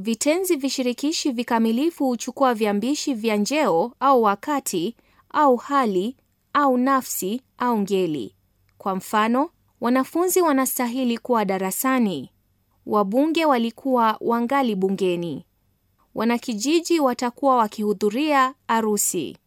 Vitenzi vishirikishi vikamilifu huchukua viambishi vya njeo au wakati au hali au nafsi au ngeli. Kwa mfano, wanafunzi wanastahili kuwa darasani. Wabunge walikuwa wangali bungeni. Wanakijiji watakuwa wakihudhuria arusi.